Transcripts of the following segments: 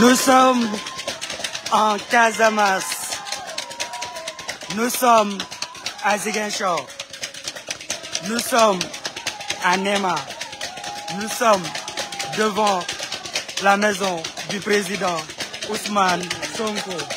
Nous sommes en Casamance. Nous sommes à Ziguinchor. Nous sommes à Néma. Nous sommes devant la maison du président Ousmane Sonko.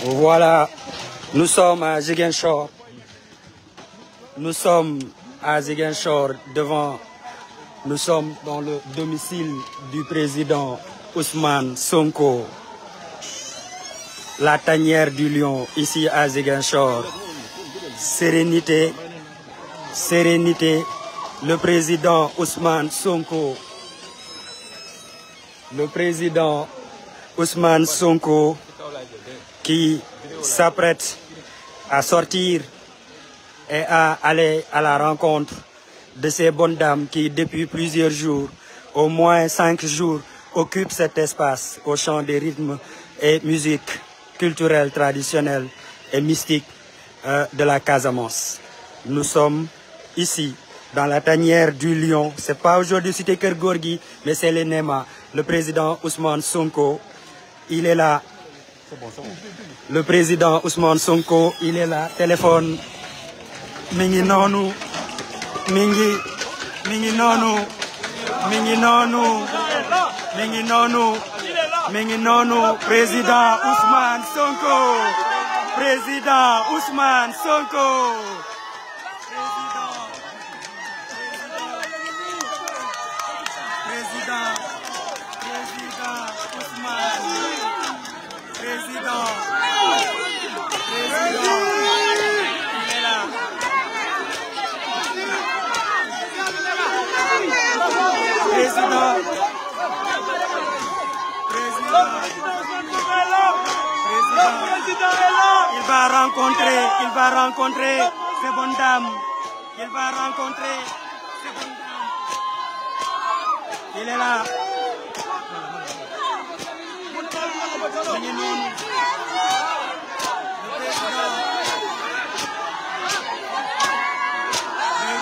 Voilà, nous sommes à Ziguinchor. Nous à Ziguinchor devant, nous sommes dans le domicile du président Ousmane Sonko. La tanière du lion ici à Ziguinchor. Sérénité. sérénité, le président Ousmane Sonko. Le président Ousmane Sonko qui s'apprête à sortir et à aller à la rencontre de ces bonnes dames qui, depuis plusieurs jours, au moins cinq jours, occupent cet espace au champ des rythmes et musiques culturelles, traditionnelles et mystiques euh, de la Casamance. Nous sommes ici, dans la tanière du lion. C'est pas aujourd'hui Cité Kergorgi, mais c'est le NEMA. Le président Ousmane Sonko, il est là. C'est Le président Ousmane Sonko, il est là. Téléphone. Mingi nonu. Mingi. Mingi nonu. Mingi nonu. Mingi Président Ousmane Sonko. Président président président il est là président président il va rencontrer il va rencontrer ces bonnes dames il va rencontrer ces bonnes dames il est là.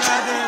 Brother.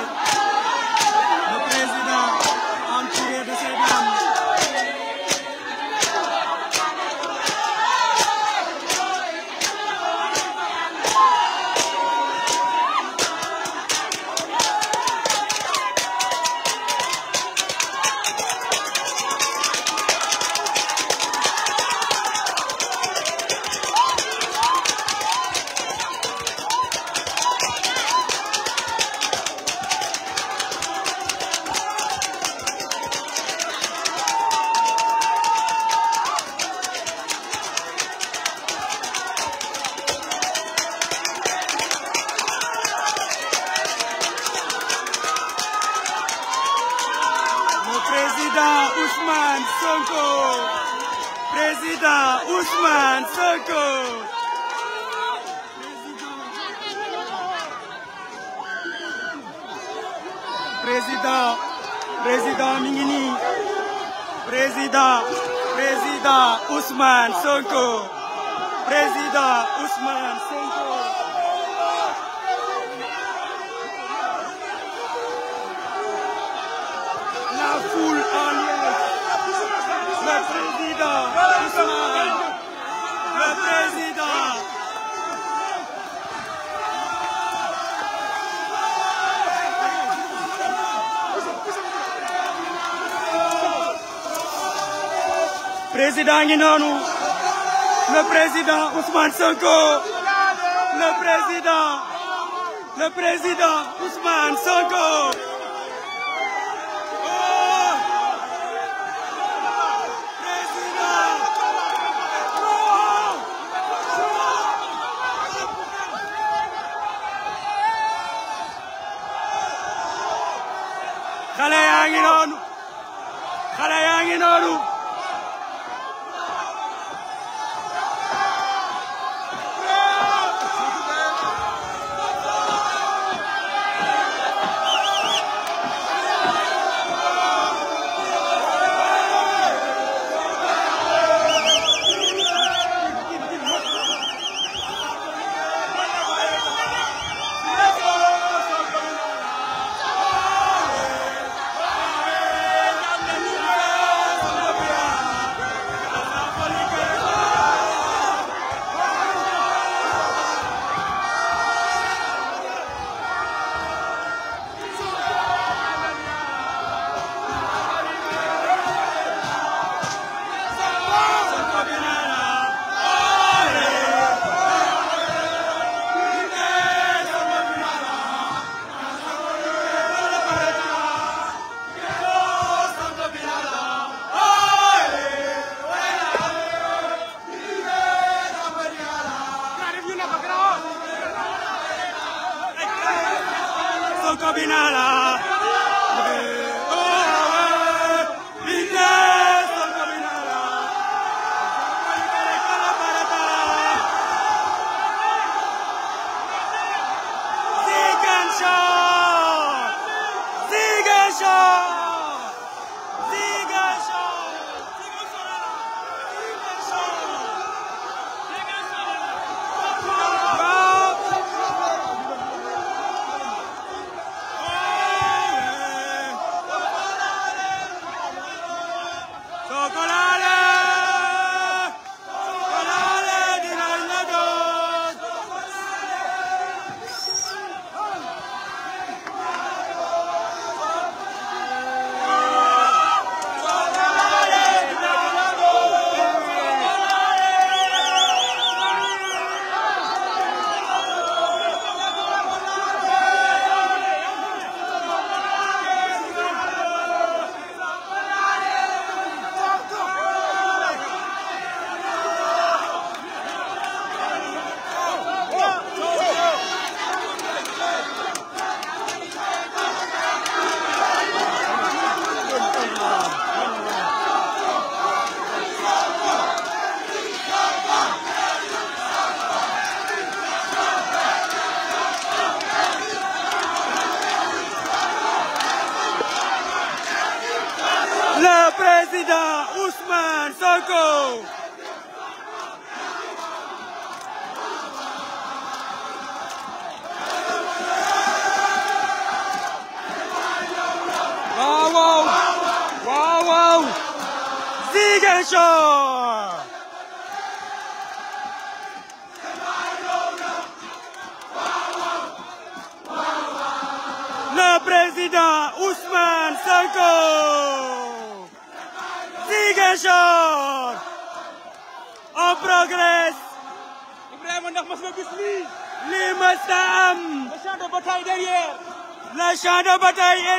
président ngi noonu le président Ousmane Sonko le président le président Ousmane Sonko xale yaa ngi noonu xale yaa ngi noonu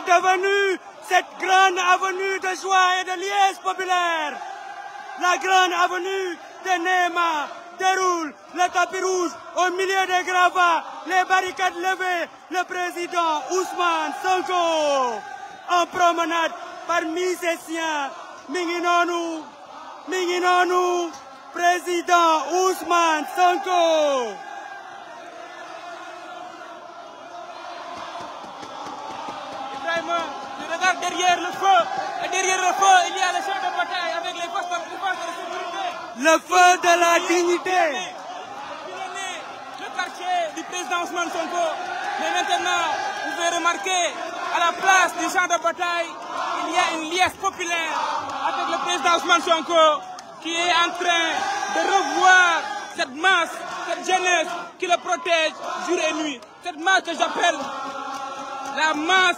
devenue cette grande avenue de joie et de liesse populaire. La grande avenue de Neymar déroule le tapis au milieu des gravats, les barricades levées, le président Ousmane Sonko en promenade parmi ses siens. Mi ngi président Ousmane Sonko. mains, le feu. de la dignité. Le quartier du président Ousmane Sonko. Mais maintenant, pouvez remarquer, à la place du champ de bataille, il y a une liesse populaire avec le président Ousmane Sonko qui est en de revoir cette masse, cette jeunesse qui le protège jour et nuit. Cette masse que j'appelle la masse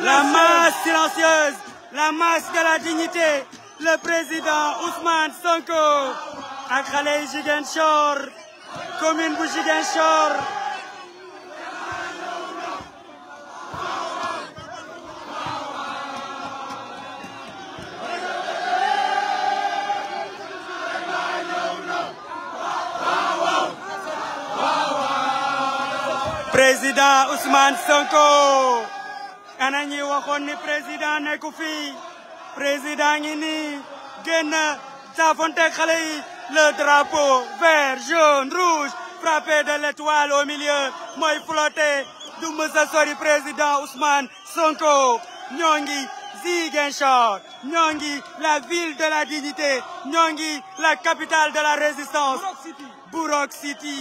La masse silencieuse, la masse de la dignité, le président Ousmane Sonko ak xale commune bu Ziguinchor Président Ousmane Sonko ana ñi waxoon ni président nekku fii président ngi nii génn saafonteeg xale yi le drapeau vert jaune rouge frappé de l'étoile au milieu mooy flotté du mësa président Ousmane Sonko ñoo ngi Ziguinchor la ville de la dignité ñoo la capitale de la résistance Bourok City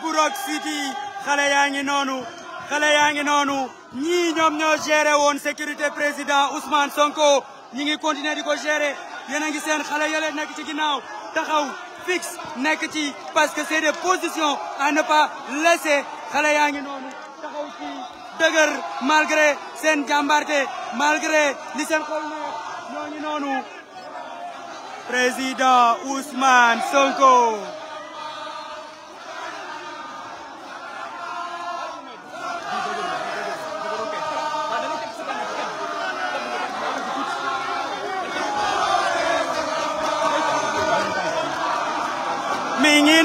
Bourok City xale yaa ngi noonu ñii ñoom ñoo géré woon sécurité président Ousmane Sonko ñi ngi continuer di ko géré yéen a ngi seen xale yële nekk ci ginnaaw taxaw fixe nekk ci parce que c'est des positions à ne pas laisser xale yaa ngi noonu taxaw ci dëgër malgré seen jàmbarte malgré li seen xol ne ñoo ngi noonu président Ousmane Sonko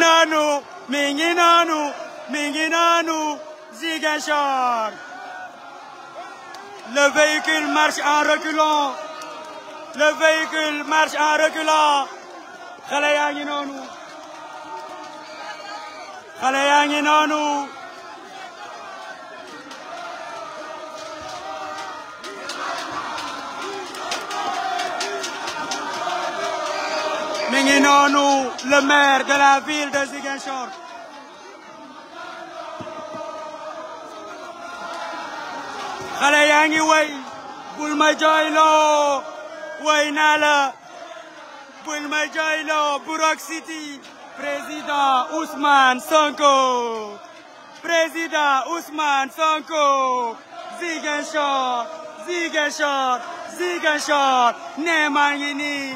noonu mi ngi noonu mi ngi noonu Ziguinchor le véhicule marche en reculant le véhicule marche en reculant ngi le maire de de Ziguinchor. xale yaa ngi way bul way naa la bul ma jooyloo Burok City président Ousmane Sonko président Ousmane Sonko Ziguinchor Ziguinchor Ziguinchor nee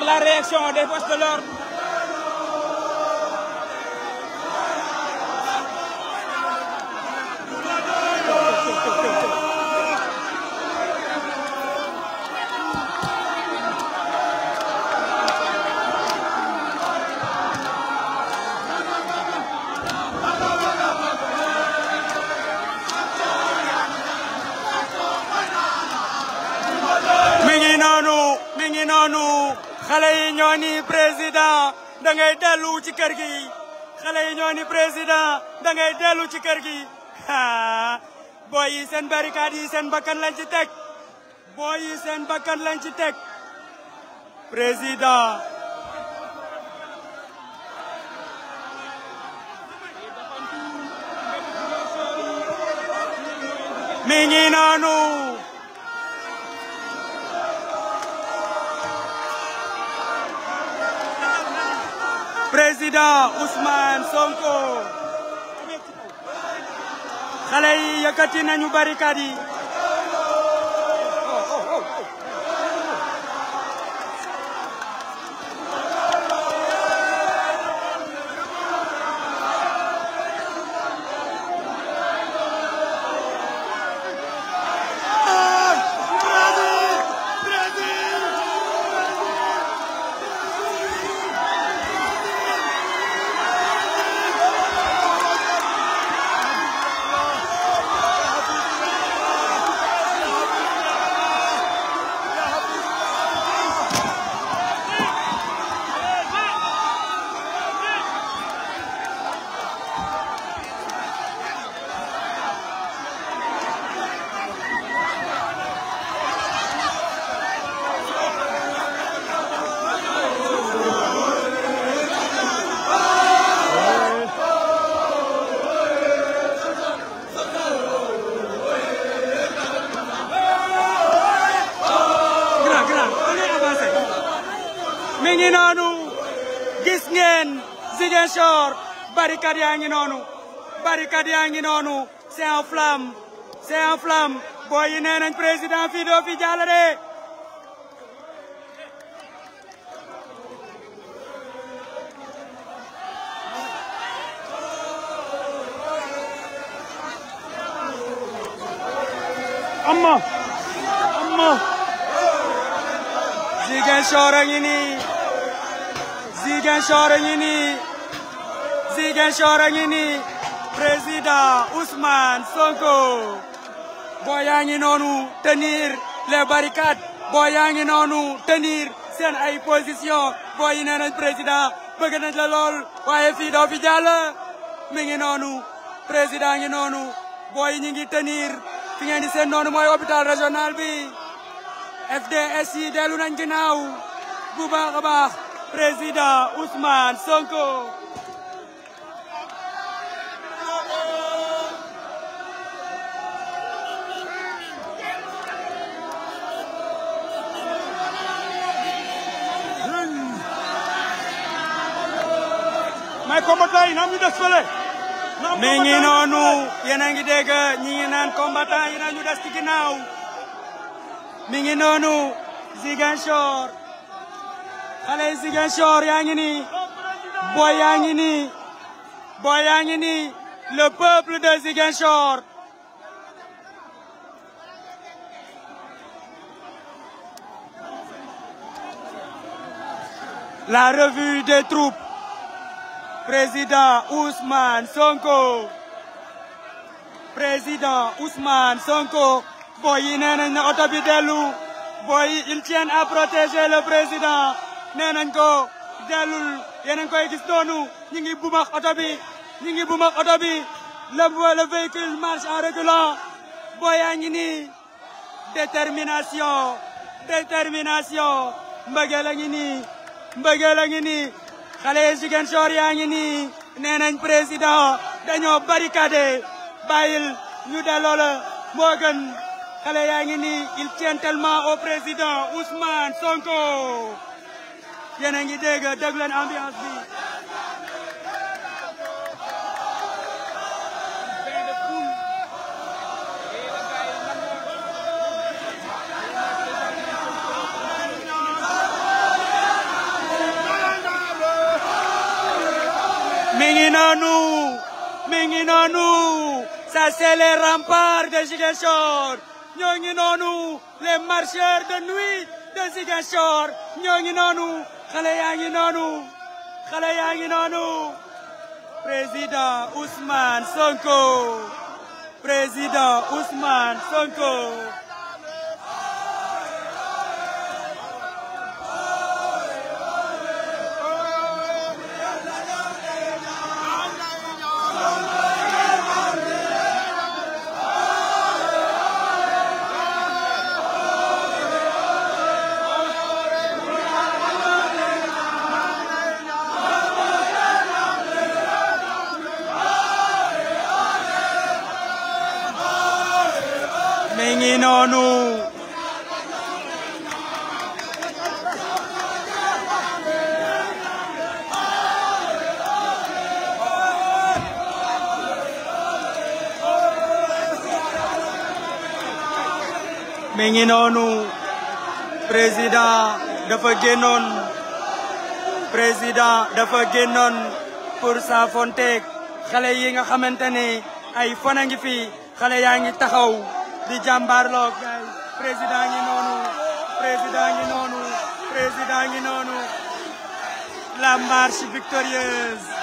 voir la réaction des forces de l'ordre xale yi ñoo ni président da ngay dellu ci kër gi xale yi ñoo ni président da ngay dellu ci kër gi booy yi seen barricade yi seen bakkan lañ ci teg booy yi seen bakkan lañ ci teg président mi ngi noonu président Ousmane Sonko xale yi yëkkati nañu barricade yi yaa ngi noonu barricade yaa ngi noonu c'est en flamme c'est en flamme yi nee nañ président fii doo fi jàll Ziguinchor a ngi nii président Ousmane Sonko yaa ngi noonu tenir les barricades booy yaa ngi noonu tenir sen ay position booy yi nee nañ président bëgg nañ la waaye fii doo fi jàll mi ngi noonu président ngi noonu booy yi ñu ngi tenir fi ngeen di seen noonu mooy hôpital régional bi FDS yi dellu nañ ginnaaw bu baax a baax président Ousmane Sonko mais combattant yi na des fële. mi ngi noonu yéen a ngi dégg na ñu des ci ginnaaw. mi ngi noonu Ziguinchor xale yi Ziguinchor yaa ngi nii yaa ngi nii le peuple de Ziguinchor. La revue des troupes. Président Ousmane Sonko président Ousmane Sonko boy yi nee nañ bi dellu boy yi ils tiennent à protéger le président nee nañ ko dellul yéen a ngi koy gis noonu ñi ngi bumax oto bi ñi ngi bumax oto bi le le véhicule marche en reculant boy yaa ngi ni détermination détermination mbëggeel ngi ni mbëggeel a ngi ni xale Ziguinchor yaa ngi nii nee nañ président dañoo barricadé bàyyil ñu delloo la moo gën xale yaa ngi nii il tient tellement au président Ousmane Sonko yéen a ngi dégg déglu leen ambiance noonu mi ngi noonu ça c'est les remparts de Ziguinchor ñoo ngi noonu les marcheurs de nuit de Ziguinchor ñoo ngi noonu xale yaa ngi président Ousmane Sonko président ngi noonu mi ngi noonu président dafa génnoon président dafa génnoon pour s'affronter xale yi nga xamante ne ay fan a ngi fi xale yaa ngi taxaw di jàmbaarloo gaay président ngi noonu président ngi noonu président ngi noonu la marche victorieuse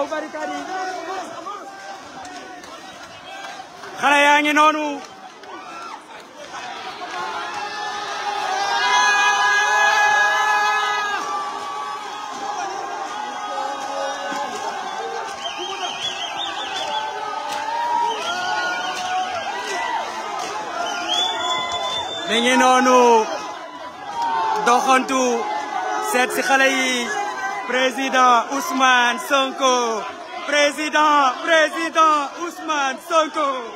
kaw barricade yi xale yaa ngi noonu mi ngi noonu doxantu seet si xale yi Président Ousmane Sonko président président Ousmane Sonko.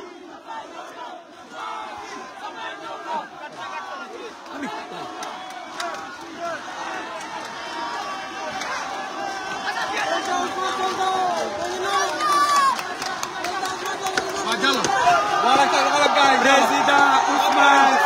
président Ousmane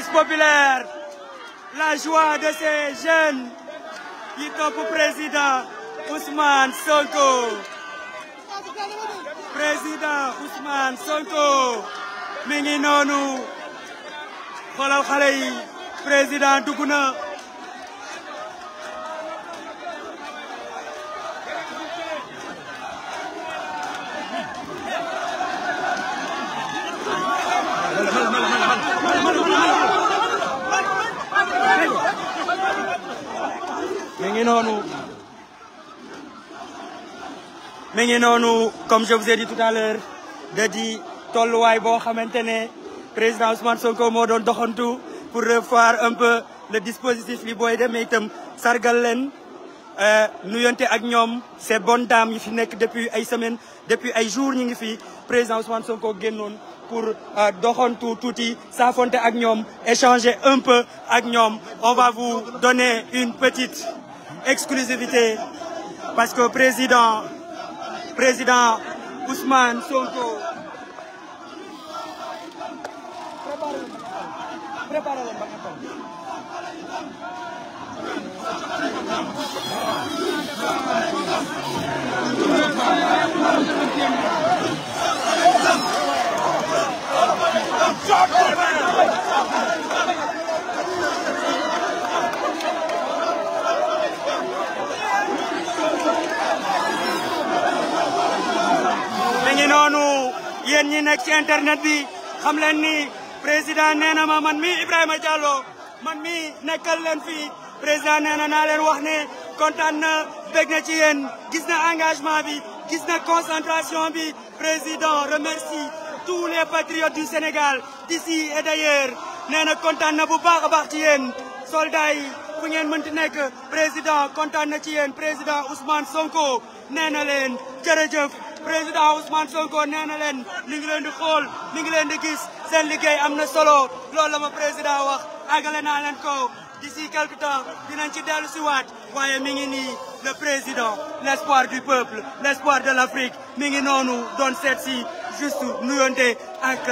jeunesse populaire la joie de ces jeunes yi topp président Ousmane Sonko président Ousmane Sonko mi ngi noonu xoolal xale président dugg na noonu mi ngi noonu comme je vous ai dit tout à l'heure da di tolluwaay boo xamante ne président Ousmane Sonko moo doon doxantu pour revoir un peu le dispositif li booy deme itam sargal leen euh, nuyonte ak ñoom ces bonnes dames yi fi nekk depuis ay semaines depuis ay jours ñi ngi fi président Ousmane Sonko génnoon pour euh, doxantu tuuti saafonte ak ñoom échanger un peu ak ñoom on va vous donner une petite exclusivité parce que président président Ousmane Sonko nekk ci internet bi xam leen ni président nee na ma man mi Ibrahima Diallo man mi nekkal leen fi président nee na naa leen wax ne kontaan na bég ci yéen gis na engagement bi gis na concentration bi président remercie tous les patriotes du Sénégal d'ici et d'ailleurs nee na kontaan na bu baax a baax ci yéen soldats yi fu ngeen mënti nekk président kontaan na ci yéen président Ousmane Sonko nee na leen jërëjëf président Ousmane Sonko nee na leen mi ngi leen di xool mi leen di gis seen liggéey am na solo lool la ma président wax àggale naa leen ko d'ici quelque di dinañ ci dellu si waat waaye mi ngi nii le président l'espoir du peuple l'espoir de l'Afrique mi noonu doon seet si juste nuyonte ak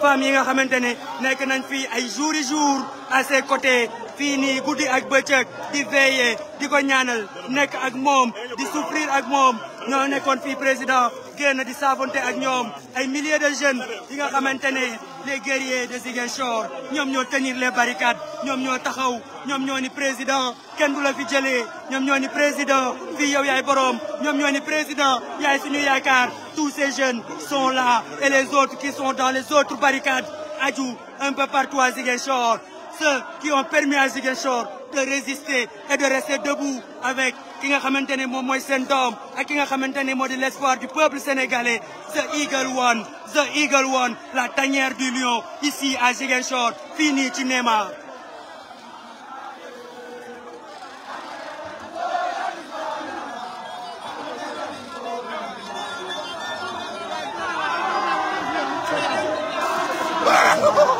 femmes yi nga xamante ne nekk nañ fii ay jours et jours à ses côtés fii nii guddi ak bëccëg di veiller di ko ñaanal nekk ak moom di souffrir ak moom ñoo nekkoon fii président génn di saafonte ak ñoom ay milliers de jeunes yi nga xamante ne les guerriers de Ziguinchor ñoom ñoo tenir les barricades ñoom ñoo taxaw ñoom ñoo ni président kenn du la fi jëlee ñoom ñoo ni président fii yow yaay boroom ñoom ñoo ni président yaay suñu yaakaar tous ces jeunes sont là et les autres qui sont dans les autres barricades aju un peu partout à Ziguinchor ceux qui ont permis à Ziguinchor de résister et de rester debout avec ki nga xamante ne moom mooy seen doom ak nga xamante ne moo di l'espoir du peuple sénégalais the eagle one the eagle one la tanière du lion ici à Ziguinchor fii nii ci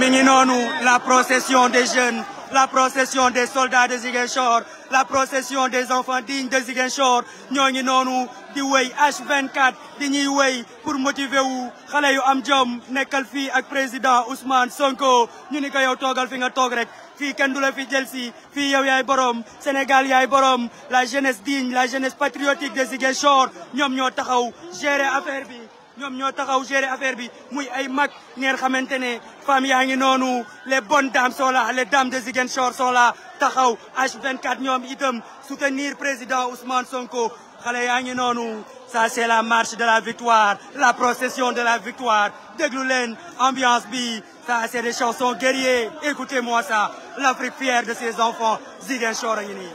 mi ngi noonu la procession des jeunes la procession des soldats de Ziguinchor la procession des enfants dignes de Ziguinchor ñoo ngi noonu di wéy H24 di ñuy wéy pour motiver wu xale yu am jom nekkal fii ak président Ousmane Sonko ñu ni ko yow toogal fi nga toog rek fii kenn du la fi jël si fii yow borom Sénégal yaay borom la jeunesse digne la jeunesse patriotique de Ziguinchor ñoom ñoo taxaw gérer affaire bi. ñoom ñoo taxaw gérer affaire bi muy ay mag ngeen xamante ne femmes yaa ngi noonu les bonnes dames sont là les dames de Ziguinchor sont là taxaw H24 ñoom itam soutenir président Ousmane Sonko xale yaa ngi noonu ça c'est la marche de la victoire la procession de la victoire déglu leen ambiance bi ça c'est des chansons guerriers écoutez-moi ça l'Afrique fière de ses enfants Ziguinchor a ngi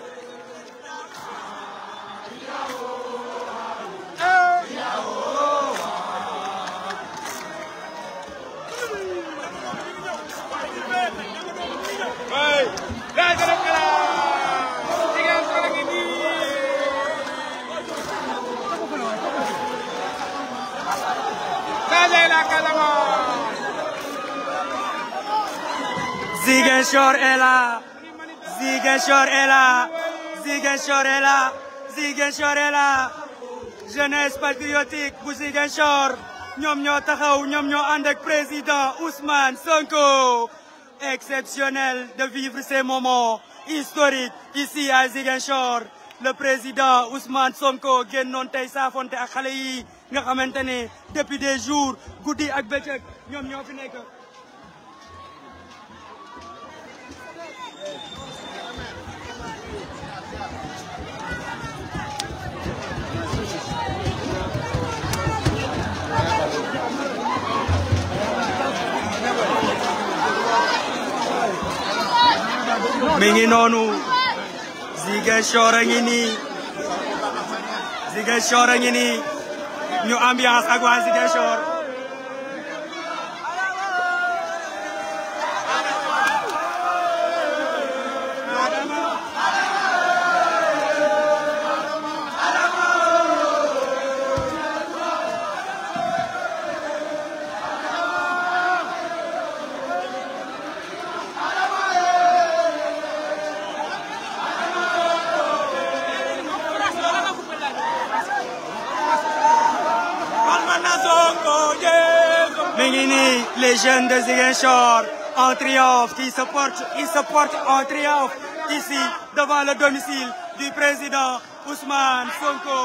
Ziguinchor est là Ziguinchor est là Ziguinchor est là Ziguinchor est là jeunesse patriotique bu Ziguinchor ñoom ñoo taxaw ñoom ñoo ànd ak président Ousmane Sonko exceptionnel de vivre ces moments historiques ici à Ziguinchor le président Ousmane Sonko génnoon tey saafonte ak xale yi nga xamante ne depuis des jours gudi ak bëccëg ñoom ñoo fi nekk mi ngi noonu Ziguinchor a ngi nii Ziguinchor a ngi nii ñu ambiance ak waa jeunes de Ziguinchor un triomphe qui se portent, ils se portent triomphe ici devant le domicile du président Ousmane Sonko.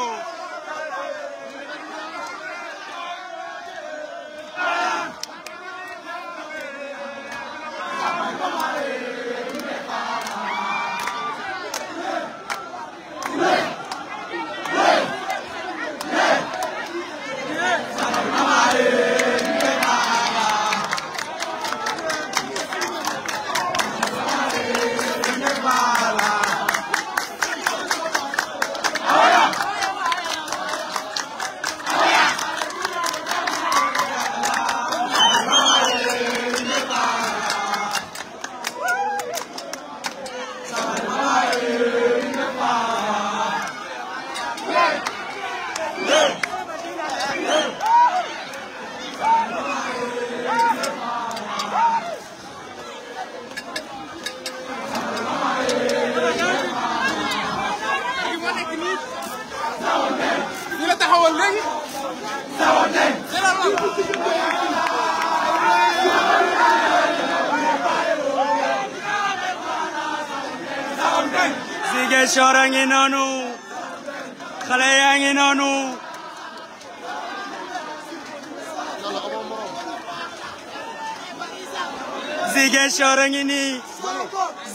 Ziguinchor a ngi nii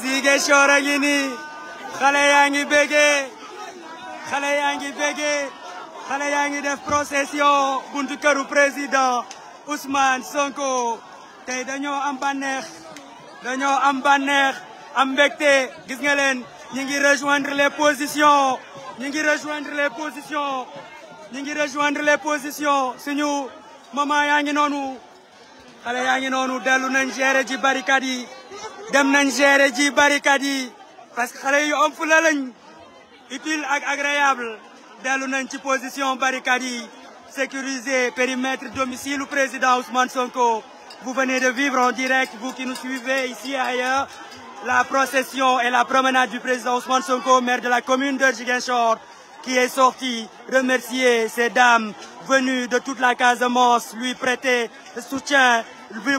Ziguinchor a ngi nii xale yaa ngi béggee xale yaa ngi def procession buntu këru président Ousmane Sonko tey dañoo am bànneex dañoo am bànneex am mbégte gis nga leen ñi ngi rejoindre les positions ñi ngi rejoindre les positions ñi ngi rejoindre les positions suñu maman yaa ngi noonu xale yaa ngi noonu dellu nañ gérer ji barricade yi dem nañ gérer ji barricade yi parce que xale yu am fula lañ utile ak agréable dellu nañ ci position barricade yi sécuriser périmètre domicile président Ousmane Sonko. Vous venez de vivre en direct, vous qui nous suivez ici et ailleurs, la procession et la promenade du président Ousmane Sonko, maire de la commune de Ziguinchor, qui est sorti remercier ces dames venus de toute la Casamance lui prêter soutien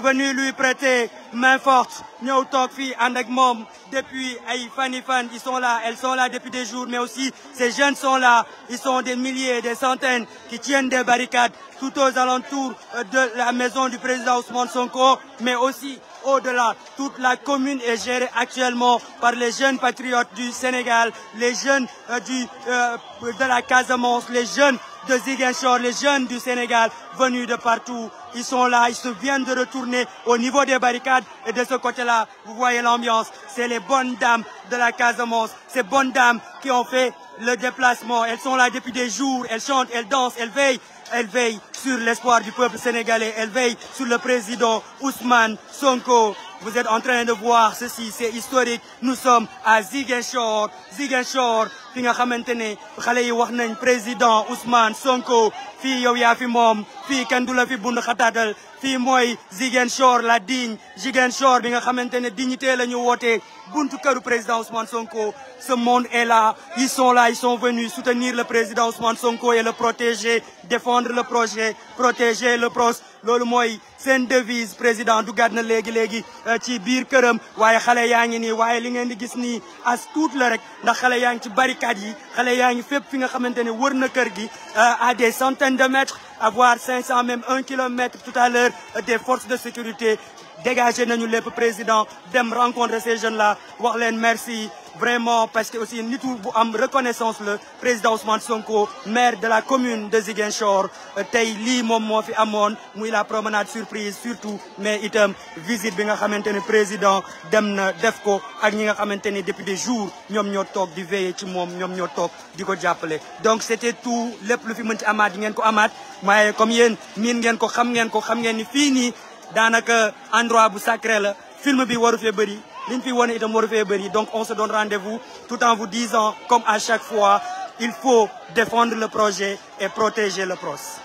venu lui prêter main forte ñëw toog fii ànd ak moom depuis ay fani fan ils sont là elles sont là depuis des jours mais aussi ces jeunes sont là ils sont des milliers des centaines qui tiennent des barricades tout aux alentours euh, de la maison du président Ousmane Sonko mais aussi au-delà toute la commune est gérée actuellement par les jeunes patriotes du Sénégal les jeunes euh, du euh, de la Casamance les jeunes de Ziguinchor, les jeunes du Sénégal venus de partout. Ils sont là, ils se viennent de retourner au niveau des barricades. Et de ce côté-là, vous voyez l'ambiance. C'est les bonnes dames de la Casamance, ces bonnes dames qui ont fait le déplacement. Elles sont là depuis des jours, elles chantent, elles dansent, elles veillent. Elles veillent sur l'espoir du peuple sénégalais, elles veillent sur le président Ousmane Sonko. Vous êtes en train de voir ceci, c'est historique. Nous sommes à Ziguinchor, Ziguinchor, fi nga xamante ne xale yi wax nañ président Ousmane Sonko fii yow yaa fi moom fii kenn du la fi bund xataatal fii mooy Ziguinchor la digne Ziguinchor bi nga xamante ne dignité la ñu wootee buntu këru président Ousmane Sonko ce monde et la ils sont là ils sont venus soutenir le président Ousmane Sonko et le protéger défendre le projet protéger le pros loolu mooy seen devise président du gàdd na léegi léegi euh, ci biir këram waaye xale yaa ngi ni waaye li ngeen di gis nii à tuut la rek ndax xale yaa ngi ci barricade yi xale yaa ngi fépp fi nga xamante ne wër na kër gi euh, à des avoir 500 même 1 kilomètre tout à l'heure des forces de sécurité dégagé nañu lépp président dem rencontrer ces jeunes là wax leen merci vraiment parce que aussi nitu bu am reconnaissance la président Ousmane Sonko maire de la commune de Ziguinchor euh, tey lii moom moo fi amoon muy la promenade surprise surtout mais itam visite bi nga xamante ne président dem na def ko ak ñi nga xamante ne depuis des jours ñoom ñoo toog di veiller ci moom ñoom ñoo toog di ko jàppale donc c'était tout lépp lu fi mën ci amaat yi ngeen ko amaat waaye comme yéen miin ngeen ko xam ngeen ko xam ngeen ni fii nii daanaka endroit bu sacré la film bi waru fee bëri li ñu fi wane itam war bëri donc on se donne rendez-vous tout en vous disant comme à chaque fois il faut défendre le projet et protéger le PROS.